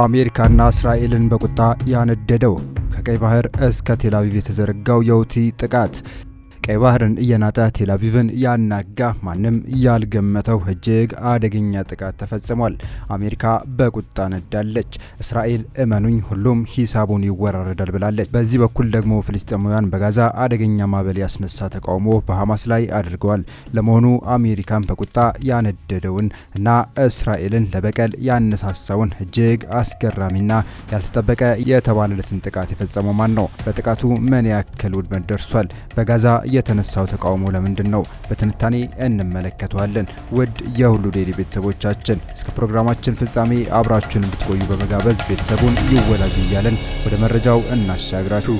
አሜሪካና እስራኤልን በቁጣ ያነደደው ከቀይ ባህር እስከ ቴላቪቭ የተዘረጋው የውቲ ጥቃት ቀይ ባህርን እየናጠ ቴላቪቭን ያናጋ ማንም ያልገመተው እጅግ አደገኛ ጥቃት ተፈጽሟል። አሜሪካ በቁጣ ነዳለች። እስራኤል እመኑኝ ሁሉም ሂሳቡን ይወራረዳል ብላለች። በዚህ በኩል ደግሞ ፍልስጤማውያን በጋዛ አደገኛ ማዕበል ያስነሳ ተቃውሞ በሐማስ ላይ አድርገዋል። ለመሆኑ አሜሪካን በቁጣ ያነደደውን እና እስራኤልን ለበቀል ያነሳሳውን እጅግ አስገራሚና ያልተጠበቀ የተባለለትን ጥቃት የፈጸመው ማን ነው? በጥቃቱ ምን ያክል ውድመት ደርሷል? በጋዛ የተነሳው ተቃውሞ ለምንድን ነው? በትንታኔ እንመለከተዋለን። ውድ የሁሉ ዴይሊ ቤተሰቦቻችን እስከ ፕሮግራማችን ፍጻሜ አብራችሁን እንድትቆዩ በመጋበዝ ቤተሰቡን ይወዳጁ እያለን ወደ መረጃው እናሻግራችሁ።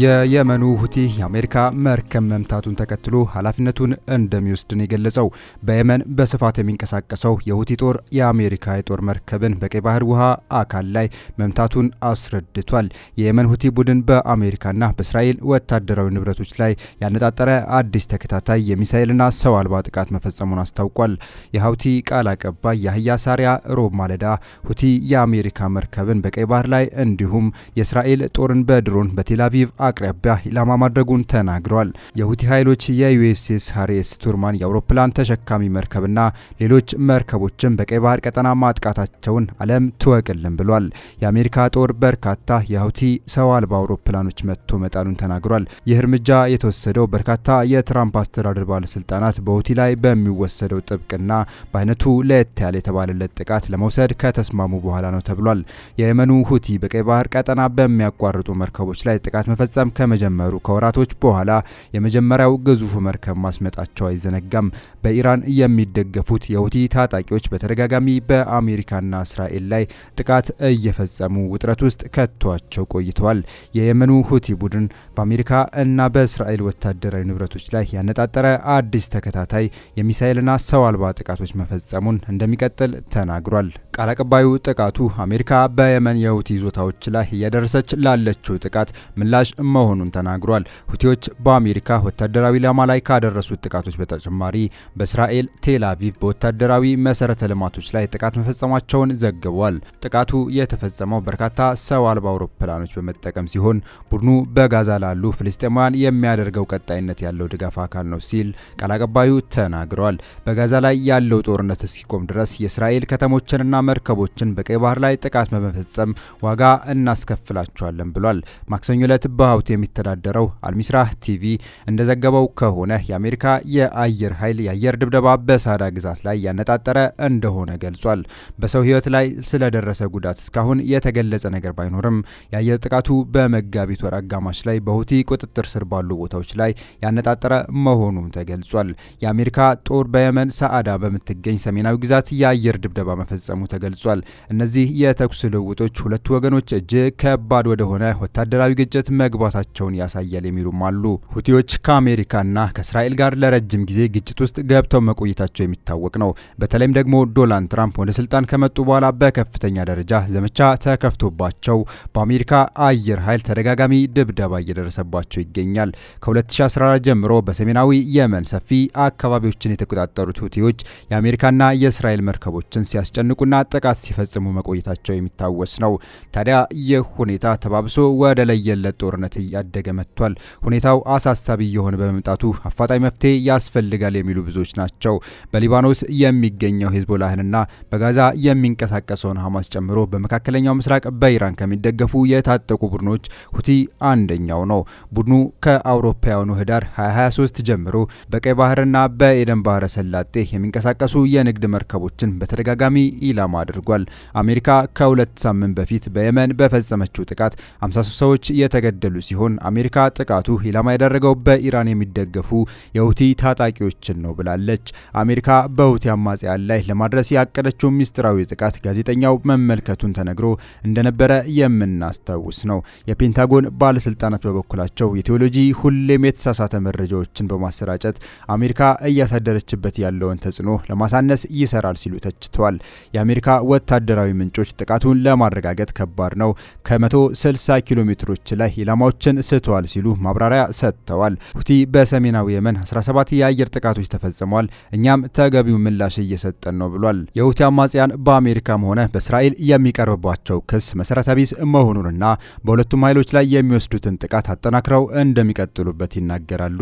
የየመኑ ሁቲ የአሜሪካ መርከብ መምታቱን ተከትሎ ኃላፊነቱን እንደሚወስድ የገለጸው። በየመን በስፋት የሚንቀሳቀሰው የሁቲ ጦር የአሜሪካ የጦር መርከብን በቀይ ባህር ውሃ አካል ላይ መምታቱን አስረድቷል። የየመን ሁቲ ቡድን በአሜሪካና በእስራኤል ወታደራዊ ንብረቶች ላይ ያነጣጠረ አዲስ ተከታታይ የሚሳኤልና ሰው አልባ ጥቃት መፈጸሙን አስታውቋል። የሀውቲ ቃል አቀባይ ያህያ ሳሪያ ሮብ ማለዳ ሁቲ የአሜሪካ መርከብን በቀይ ባህር ላይ እንዲሁም የእስራኤል ጦርን በድሮን በቴላቪቭ ። አቅራቢያ ኢላማ ማድረጉን ተናግረዋል። የሁቲ ኃይሎች የዩኤስኤስ ሀሬስ ቱርማን የአውሮፕላን ተሸካሚ መርከብና ሌሎች መርከቦችን በቀይ ባህር ቀጠና ማጥቃታቸውን ዓለም ትወቅልን ብሏል። የአሜሪካ ጦር በርካታ የሁቲ ሰው አልባ አውሮፕላኖች መጥቶ መጣሉን ተናግሯል። ይህ እርምጃ የተወሰደው በርካታ የትራምፕ አስተዳደር ባለስልጣናት በሁቲ ላይ በሚወሰደው ጥብቅና በአይነቱ ለየት ያለ የተባለለት ጥቃት ለመውሰድ ከተስማሙ በኋላ ነው ተብሏል። የየመኑ ሁቲ በቀይ ባህር ቀጠና በሚያቋርጡ መርከቦች ላይ ጥቃት መፈጸ መፈጸም ከመጀመሩ ከወራቶች በኋላ የመጀመሪያው ግዙፍ መርከብ ማስመጣቸው አይዘነጋም። በኢራን የሚደገፉት የሁቲ ታጣቂዎች በተደጋጋሚ በአሜሪካና እስራኤል ላይ ጥቃት እየፈጸሙ ውጥረት ውስጥ ከቷቸው ቆይተዋል። የየመኑ ሁቲ ቡድን በአሜሪካ እና በእስራኤል ወታደራዊ ንብረቶች ላይ ያነጣጠረ አዲስ ተከታታይ የሚሳኤልና ሰው አልባ ጥቃቶች መፈጸሙን እንደሚቀጥል ተናግሯል። ቃል አቀባዩ ጥቃቱ አሜሪካ በየመን የሁቲ ይዞታዎች ላይ እያደረሰች ላለችው ጥቃት ምላሽ መሆኑን ተናግሯል። ሁቲዎች በአሜሪካ ወታደራዊ ላማ ላይ ካደረሱት ጥቃቶች በተጨማሪ በእስራኤል ቴል አቪቭ በወታደራዊ መሰረተ ልማቶች ላይ ጥቃት መፈጸማቸውን ዘግቧል። ጥቃቱ የተፈጸመው በርካታ ሰው አልባ አውሮፕላኖች በመጠቀም ሲሆን ቡድኑ በጋዛ ላሉ ፍልስጤማውያን የሚያደርገው ቀጣይነት ያለው ድጋፍ አካል ነው ሲል ቃል አቀባዩ ተናግሯል። በጋዛ ላይ ያለው ጦርነት እስኪቆም ድረስ የእስራኤል ከተሞችንና መርከቦችን በቀይ ባህር ላይ ጥቃት በመፈጸም ዋጋ እናስከፍላቸዋለን ብሏል። ማክሰኞ ዕለት በሀብት የሚተዳደረው አልሚስራ ቲቪ እንደዘገበው ከሆነ የአሜሪካ የአየር ኃይል የአየር ድብደባ በሳዳ ግዛት ላይ ያነጣጠረ እንደሆነ ገልጿል። በሰው ህይወት ላይ ስለደረሰ ጉዳት እስካሁን የተገለጸ ነገር ባይኖርም የአየር ጥቃቱ በመጋቢት ወር አጋማሽ ላይ በሁቲ ቁጥጥር ስር ባሉ ቦታዎች ላይ ያነጣጠረ መሆኑም ተገልጿል። የአሜሪካ ጦር በየመን ሰአዳ በምትገኝ ሰሜናዊ ግዛት የአየር ድብደባ መፈጸሙ ተገልጿል። እነዚህ የተኩስ ልውውጦች ሁለቱ ወገኖች እጅግ ከባድ ወደሆነ ወታደራዊ ግጭት መ መግባታቸውን ያሳያል የሚሉም አሉ። ሁቲዎች ከአሜሪካና ከእስራኤል ጋር ለረጅም ጊዜ ግጭት ውስጥ ገብተው መቆየታቸው የሚታወቅ ነው። በተለይም ደግሞ ዶናልድ ትራምፕ ወደ ስልጣን ከመጡ በኋላ በከፍተኛ ደረጃ ዘመቻ ተከፍቶባቸው በአሜሪካ አየር ኃይል ተደጋጋሚ ድብደባ እየደረሰባቸው ይገኛል። ከ2014 ጀምሮ በሰሜናዊ የመን ሰፊ አካባቢዎችን የተቆጣጠሩት ሁቲዎች የአሜሪካና የእስራኤል መርከቦችን ሲያስጨንቁና ጥቃት ሲፈጽሙ መቆየታቸው የሚታወስ ነው። ታዲያ ይህ ሁኔታ ተባብሶ ወደ ለየለት ጦርነት ጦርነት እያደገ መጥቷል። ሁኔታው አሳሳቢ እየሆነ በመምጣቱ አፋጣኝ መፍትሄ ያስፈልጋል የሚሉ ብዙዎች ናቸው። በሊባኖስ የሚገኘው ሂዝቦላህንና በጋዛ የሚንቀሳቀሰውን ሐማስ ጨምሮ በመካከለኛው ምስራቅ በኢራን ከሚደገፉ የታጠቁ ቡድኖች ሁቲ አንደኛው ነው። ቡድኑ ከአውሮፓውያኑ ህዳር 2023 ጀምሮ በቀይ ባህርና በኤደን ባህረ ሰላጤ የሚንቀሳቀሱ የንግድ መርከቦችን በተደጋጋሚ ኢላማ አድርጓል። አሜሪካ ከሁለት ሳምንት በፊት በየመን በፈጸመችው ጥቃት 53 ሰዎች የተገደሉ የተገደሉ ሲሆን አሜሪካ ጥቃቱ ኢላማ ያደረገው በኢራን የሚደገፉ የሁቲ ታጣቂዎችን ነው ብላለች። አሜሪካ በሁቲ አማጽያን ላይ ለማድረስ ያቀደችው ሚስጥራዊ ጥቃት ጋዜጠኛው መመልከቱን ተነግሮ እንደነበረ የምናስታውስ ነው። የፔንታጎን ባለስልጣናት በበኩላቸው የቴዎሎጂ ሁሌም የተሳሳተ መረጃዎችን በማሰራጨት አሜሪካ እያሳደረችበት ያለውን ተጽዕኖ ለማሳነስ ይሰራል ሲሉ ተችተዋል። የአሜሪካ ወታደራዊ ምንጮች ጥቃቱን ለማረጋገጥ ከባድ ነው፣ ከ160 ኪሎ ሜትሮች ላይ ኢላማ ኢላማዎችን ስቷል ሲሉ ማብራሪያ ሰጥተዋል። ሁቲ በሰሜናዊ የመን 17 የአየር ጥቃቶች ተፈጽመዋል፣ እኛም ተገቢው ምላሽ እየሰጠን ነው ብሏል። የሁቲ አማጽያን በአሜሪካም ሆነ በእስራኤል የሚቀርብባቸው ክስ መሰረተ ቢስ መሆኑንና በሁለቱም ኃይሎች ላይ የሚወስዱትን ጥቃት አጠናክረው እንደሚቀጥሉበት ይናገራሉ።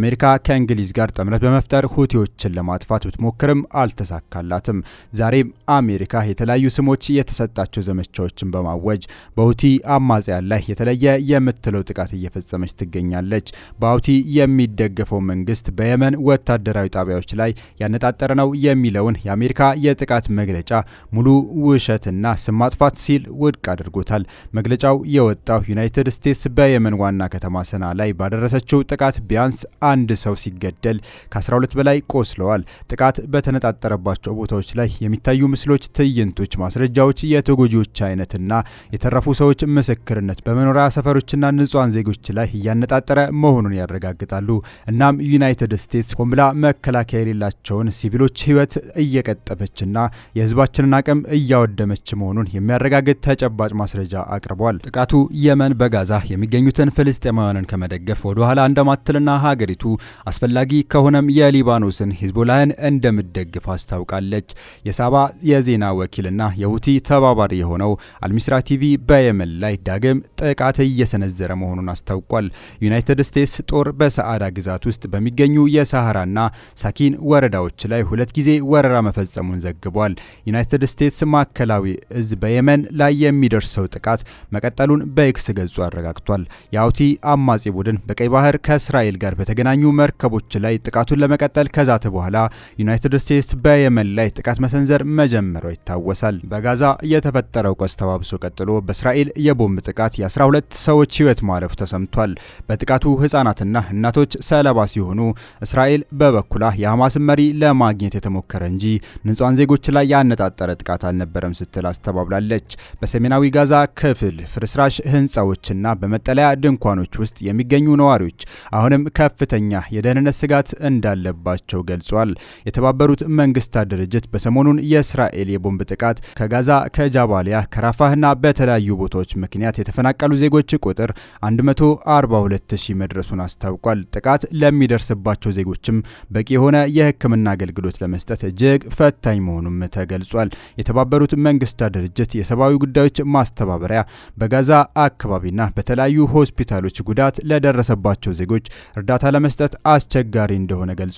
አሜሪካ ከእንግሊዝ ጋር ጥምረት በመፍጠር ሁቲዎችን ለማጥፋት ብትሞክርም አልተሳካላትም። ዛሬም አሜሪካ የተለያዩ ስሞች የተሰጣቸው ዘመቻዎችን በማወጅ በሁቲ አማጽያን ላይ የተለየ የምት የምትለው ጥቃት እየፈጸመች ትገኛለች። በአውቲ የሚደገፈው መንግስት በየመን ወታደራዊ ጣቢያዎች ላይ ያነጣጠረ ነው የሚለውን የአሜሪካ የጥቃት መግለጫ ሙሉ ውሸትና ስም ማጥፋት ሲል ውድቅ አድርጎታል። መግለጫው የወጣው ዩናይትድ ስቴትስ በየመን ዋና ከተማ ሰና ላይ ባደረሰችው ጥቃት ቢያንስ አንድ ሰው ሲገደል ከ12 በላይ ቆስለዋል። ጥቃት በተነጣጠረባቸው ቦታዎች ላይ የሚታዩ ምስሎች፣ ትዕይንቶች፣ ማስረጃዎች፣ የተጎጂዎች አይነትና የተረፉ ሰዎች ምስክርነት በመኖሪያ ሰፈሮችና ንጹሐን ዜጎች ላይ እያነጣጠረ መሆኑን ያረጋግጣሉ። እናም ዩናይትድ ስቴትስ ሆን ብላ መከላከያ የሌላቸውን ሲቪሎች ህይወት እየቀጠፈችና የህዝባችንን አቅም እያወደመች መሆኑን የሚያረጋግጥ ተጨባጭ ማስረጃ አቅርቧል። ጥቃቱ የመን በጋዛ የሚገኙትን ፍልስጤማውያንን ከመደገፍ ወደ ኋላ እንደማትልና ሀገሪቱ አስፈላጊ ከሆነም የሊባኖስን ሂዝቦላህን እንደምደግፍ አስታውቃለች። የሳባ የዜና ወኪልና የሁቲ ተባባሪ የሆነው አልሚስራ ቲቪ በየመን ላይ ዳግም ጥቃት እየሰነዘ የመነዘረ መሆኑን አስታውቋል። ዩናይትድ ስቴትስ ጦር በሰዓዳ ግዛት ውስጥ በሚገኙ የሳሃራና ሳኪን ወረዳዎች ላይ ሁለት ጊዜ ወረራ መፈጸሙን ዘግቧል። ዩናይትድ ስቴትስ ማዕከላዊ እዝ በየመን ላይ የሚደርሰው ጥቃት መቀጠሉን በኤክስ ገጹ አረጋግቷል። የአውቲ አማጺ ቡድን በቀይ ባህር ከእስራኤል ጋር በተገናኙ መርከቦች ላይ ጥቃቱን ለመቀጠል ከዛተ በኋላ ዩናይትድ ስቴትስ በየመን ላይ ጥቃት መሰንዘር መጀመሯ ይታወሳል። በጋዛ የተፈጠረው ቀውስ ተባብሶ ቀጥሎ በእስራኤል የቦምብ ጥቃት የ12 ሰዎች ሕይወት ማለፉ ተሰምቷል። በጥቃቱ ህጻናትና እናቶች ሰለባ ሲሆኑ እስራኤል በበኩሏ የሐማስን መሪ ለማግኘት የተሞከረ እንጂ ንጹሐን ዜጎች ላይ ያነጣጠረ ጥቃት አልነበረም ስትል አስተባብላለች። በሰሜናዊ ጋዛ ክፍል ፍርስራሽ ህንፃዎችና በመጠለያ ድንኳኖች ውስጥ የሚገኙ ነዋሪዎች አሁንም ከፍተኛ የደህንነት ስጋት እንዳለባቸው ገልጿል። የተባበሩት መንግስታት ድርጅት በሰሞኑን የእስራኤል የቦምብ ጥቃት ከጋዛ ከጃባሊያ ከራፋህና በተለያዩ ቦታዎች ምክንያት የተፈናቀሉ ዜጎች ቁጥር ቁጥር 142000 መድረሱን አስታውቋል። ጥቃት ለሚደርስባቸው ዜጎችም በቂ የሆነ የሕክምና አገልግሎት ለመስጠት እጅግ ፈታኝ መሆኑም ተገልጿል። የተባበሩት መንግስታት ድርጅት የሰብአዊ ጉዳዮች ማስተባበሪያ በጋዛ አካባቢና በተለያዩ ሆስፒታሎች ጉዳት ለደረሰባቸው ዜጎች እርዳታ ለመስጠት አስቸጋሪ እንደሆነ ገልጾ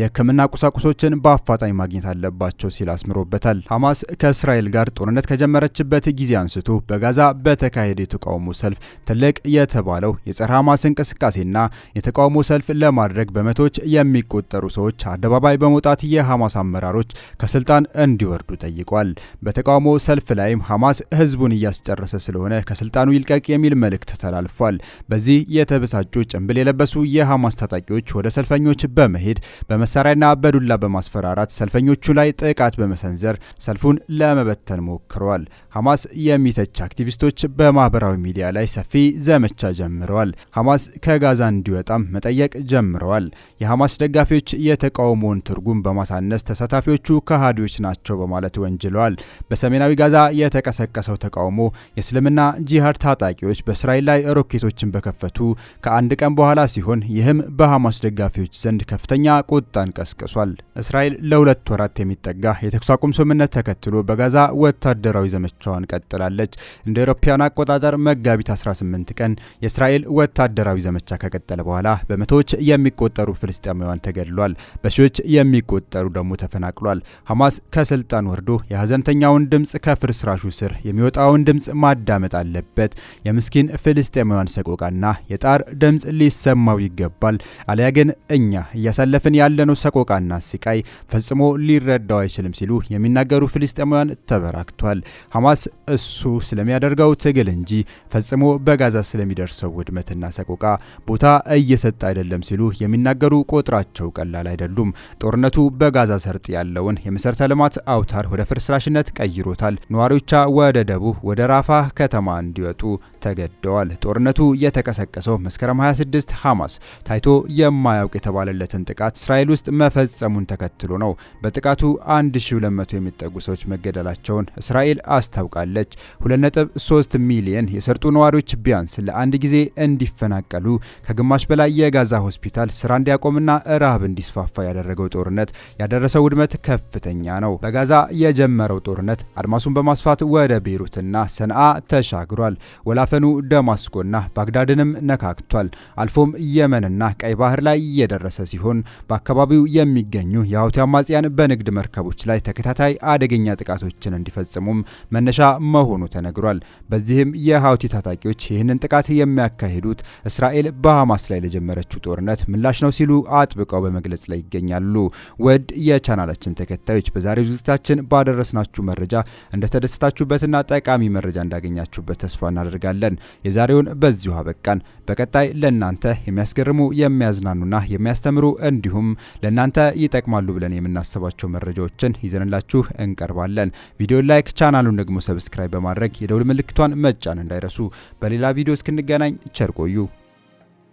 የሕክምና ቁሳቁሶችን በአፋጣኝ ማግኘት አለባቸው ሲል አስምሮበታል። ሐማስ ከእስራኤል ጋር ጦርነት ከጀመረችበት ጊዜ አንስቶ በጋዛ በተካሄደ የተቃውሞ ሰልፍ ትልቅ የተባለው የጸረ ሐማስ እንቅስቃሴና የተቃውሞ ሰልፍ ለማድረግ በመቶች የሚቆጠሩ ሰዎች አደባባይ በመውጣት የሐማስ አመራሮች ከስልጣን እንዲወርዱ ጠይቋል። በተቃውሞ ሰልፍ ላይም ሐማስ ህዝቡን እያስጨረሰ ስለሆነ ከስልጣኑ ይልቀቅ የሚል መልእክት ተላልፏል። በዚህ የተበሳጩ ጭንብል የለበሱ የሐማስ ታጣቂዎች ወደ ሰልፈኞች በመሄድ በመሳሪያና በዱላ በማስፈራራት ሰልፈኞቹ ላይ ጥቃት በመሰንዘር ሰልፉን ለመበተን ሞክረዋል። ሐማስ የሚተች አክቲቪስቶች በማህበራዊ ሚዲያ ላይ ሰፊ ዘመቻ ጀምረዋል። ሐማስ ከጋዛ እንዲወጣም መጠየቅ ጀምረዋል። የሐማስ ደጋፊዎች የተቃውሞውን ትርጉም በማሳነስ ተሳታፊዎቹ ከሃዲዎች ናቸው በማለት ወንጅለዋል። በሰሜናዊ ጋዛ የተቀሰቀሰው ተቃውሞ የእስልምና ጂሃድ ታጣቂዎች በእስራኤል ላይ ሮኬቶችን በከፈቱ ከአንድ ቀን በኋላ ሲሆን ይህም በሐማስ ደጋፊዎች ዘንድ ከፍተኛ ቁጣን ቀስቅሷል። እስራኤል ለሁለት ወራት የሚጠጋ የተኩስ አቁም ስምምነት ተከትሎ በጋዛ ወታደራዊ ዘመቻዋን ቀጥላለች። እንደ አውሮፓውያን አቆጣጠር መጋቢት 18 ቀን የእስራኤል ወታደራዊ ዘመቻ ከቀጠለ በኋላ በመቶዎች የሚቆጠሩ ፍልስጤማውያን ተገድሏል፣ በሺዎች የሚቆጠሩ ደግሞ ተፈናቅሏል። ሐማስ ከስልጣን ወርዶ የሀዘንተኛውን ድምፅ ከፍርስራሹ ስር የሚወጣውን ድምፅ ማዳመጥ አለበት። የምስኪን ፍልስጤማውያን ሰቆቃና የጣር ድምፅ ሊሰማው ይገባል። አሊያ ግን እኛ እያሳለፍን ያለነው ሰቆቃና ስቃይ ፈጽሞ ሊረዳው አይችልም ሲሉ የሚናገሩ ፍልስጤማውያን ተበራክቷል። ሐማስ እሱ ስለሚያደርገው ትግል እንጂ ፈጽሞ በጋዛ ስለሚደርሰው ውድመትና ሰቆቃ ቦታ እየሰጠ አይደለም ሲሉ የሚናገሩ ቁጥራቸው ቀላል አይደሉም። ጦርነቱ በጋዛ ሰርጥ ያለውን የመሠረተ ልማት አውታር ወደ ፍርስራሽነት ቀይሮታል። ነዋሪዎቿ ወደ ደቡብ ወደ ራፋ ከተማ እንዲወጡ ተገደዋል። ጦርነቱ የተቀሰቀሰው መስከረም 26 ሐማስ ታይቶ የማያውቅ የተባለለትን ጥቃት እስራኤል ውስጥ መፈጸሙን ተከትሎ ነው። በጥቃቱ 1200 የሚጠጉ ሰዎች መገደላቸውን እስራኤል አስታውቃለች። 2.3 ሚሊየን የሰርጡ ነዋሪዎች ቢያንስ ለአንድ ጊዜ እንዲፈናቀሉ ከግማሽ በላይ የጋዛ ሆስፒታል ስራ እንዲያቆምና ረሃብ እንዲስፋፋ ያደረገው ጦርነት ያደረሰው ውድመት ከፍተኛ ነው። በጋዛ የጀመረው ጦርነት አድማሱን በማስፋት ወደ ቤይሩትና ሰንዓ ተሻግሯል። ወላፈኑ ደማስቆና ባግዳድንም ነካክቷል። አልፎም የመንና ቀይ ባህር ላይ የደረሰ ሲሆን በአካባቢው የሚገኙ የሀውቲ አማጽያን በንግድ መርከቦች ላይ ተከታታይ አደገኛ ጥቃቶችን እንዲፈጽሙም መነሻ መሆኑ ተነግሯል። በዚህም የሀውቲ ታጣቂዎች ይህንን ጥቃት የሚያካሂዱት እስራኤል በሐማስ ላይ ለጀመረችው ጦርነት ምላሽ ነው ሲሉ አጥብቀው በመግለጽ ላይ ይገኛሉ። ውድ የቻናላችን ተከታዮች በዛሬው ዝግጅታችን ባደረስናችሁ መረጃ እንደተደሰታችሁበትና ጠቃሚ መረጃ እንዳገኛችሁበት ተስፋ እናደርጋለን። የዛሬውን በዚሁ አበቃን። በቀጣይ ለእናንተ የሚያስገርሙ የሚያዝናኑና የሚያስተምሩ እንዲሁም ለእናንተ ይጠቅማሉ ብለን የምናስባቸው መረጃዎችን ይዘንላችሁ እንቀርባለን። ቪዲዮ ላይክ፣ ቻናሉን ደግሞ ሰብስክራይብ በማድረግ የደውል ምልክቷን መጫን እንዳይረሱ። በሌላ ቪዲዮ ቪዲዮ እስክንገናኝ ቸር ቆዩ።